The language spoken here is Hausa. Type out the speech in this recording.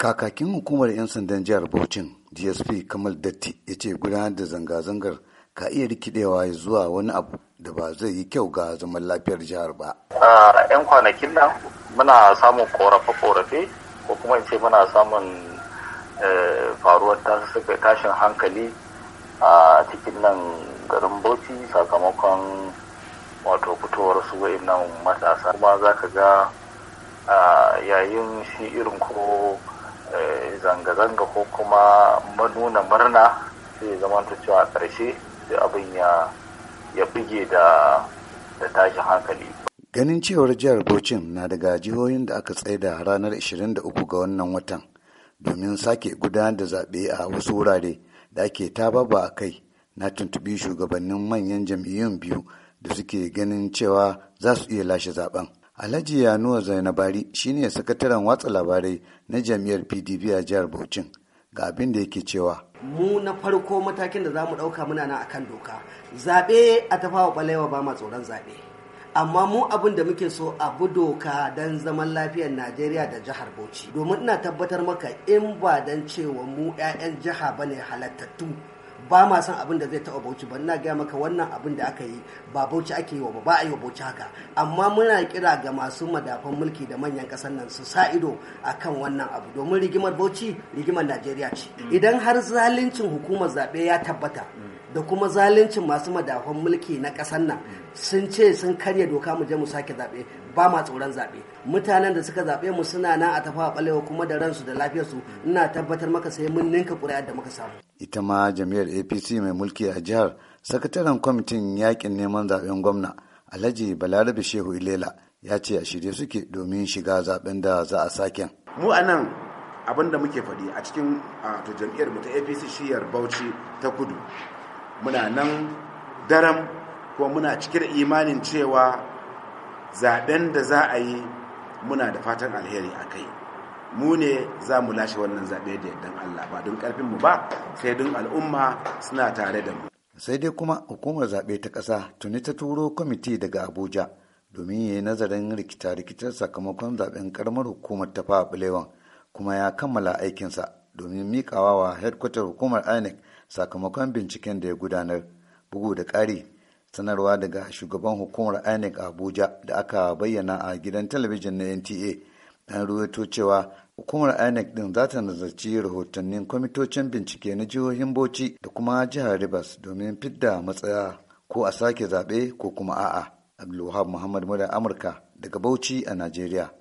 Kakakin hukumar 'yan sandan jihar Bauchin DSP Kamal Datti ya ce gudanar da zanga-zangar ka iya rikidewa zuwa wani abu da ba zai yi kyau ga zaman lafiyar jihar ba. A 'yan kwanakin nan muna samun korafe-korafe ko kuma ce muna samun eh, faruwar tashin hankali a cikin nan garin Bauchi sakamakon wato fitowar su nan matasa kuma za ka ga yayin shi irin ko Eh, zanga-zanga ko kuma manuna murna sai zama ta cewa ƙarshe sai abin ya buge da da tashin hankali ganin cewar jihar Bauchin na daga jihohin da aka tsaida ranar 23 ga wannan watan domin sake gudanar da zaɓe a wasu wurare da ake tababa a kai na tuntubi shugabannin manyan jam'iyyun biyu da suke ganin cewa za su iya lashe zaben Alhaji Yanuwa Zainabari shine sakataren watsa labarai na jam'iyyar PDP a jihar Bauchin ga abin da yake cewa. Mu na farko matakin da za mu ɗauka muna nan akan doka. Zaɓe a tafawa ɓalewa ba ma tsoron zaɓe. Amma mu abin da muke so a bu doka don zaman lafiyar Najeriya da jihar Bauchi. Domin ina tabbatar maka in ba don cewa mu 'ya'yan jiha bane halattattu ba ma san abin da zai taɓa bauchi ba na gaya maka wannan abin da aka yi ba bauchi ake yi wa ba a yi wa bauchi haka amma muna kira ga masu madafan mulki da manyan ƙasar nan su sa ido akan wannan abu domin rigimar bauchi rigimar najeriya ce mm. idan har zaluncin hukumar zaɓe ya tabbata mm. da kuma zaluncin masu madafan mulki na ƙasar nan sun ce sun karya doka mu je mu sake zaɓe ba ma tsoron zaɓe mutanen da suka zaɓe mu suna nan a tafa ɓalewa kuma da ransu da su ina tabbatar maka sai mun ninka ƙuri'ar da muka samu. ita ma jam'iyyar apc mai mulki a jihar sakataren kwamitin yakin neman zaɓen gwamna alhaji balarabe shehu ilela ya ce a shirye suke domin shiga zaɓen da za a saken. mu a nan abin da muke faɗi a cikin jam'iyyar mu ta apc shiyar bauchi ta kudu muna nan daram ko muna cike da imanin cewa zaben da za a yi muna da fatan alheri a kai mu ne za mu lashe wannan zaɓe da yardan Allah ba don ƙarfinmu ba sai don al'umma suna tare da mu. Sai dai kuma hukumar zaɓe ta ƙasa tuni ta turo kwamiti daga Abuja domin ya yi nazarin rikita-rikitar sakamakon zaɓen ƙaramar hukumar ta fa kuma ya kammala aikinsa domin mikawa wa hedkwatar hukumar inec sakamakon binciken da ya gudanar bugu da ƙari sanarwa daga shugaban hukumar inec abuja da aka bayyana a gidan talabijin na nta an ruwaito cewa hukumar inec din za ta nazarci rahotannin kwamitocin bincike na jihohin bauchi da kuma jihar rivers domin fidda matsaya ko a sake zaɓe ko kuma a'a abdulwahab muhammad mura amurka daga bauchi a najeriya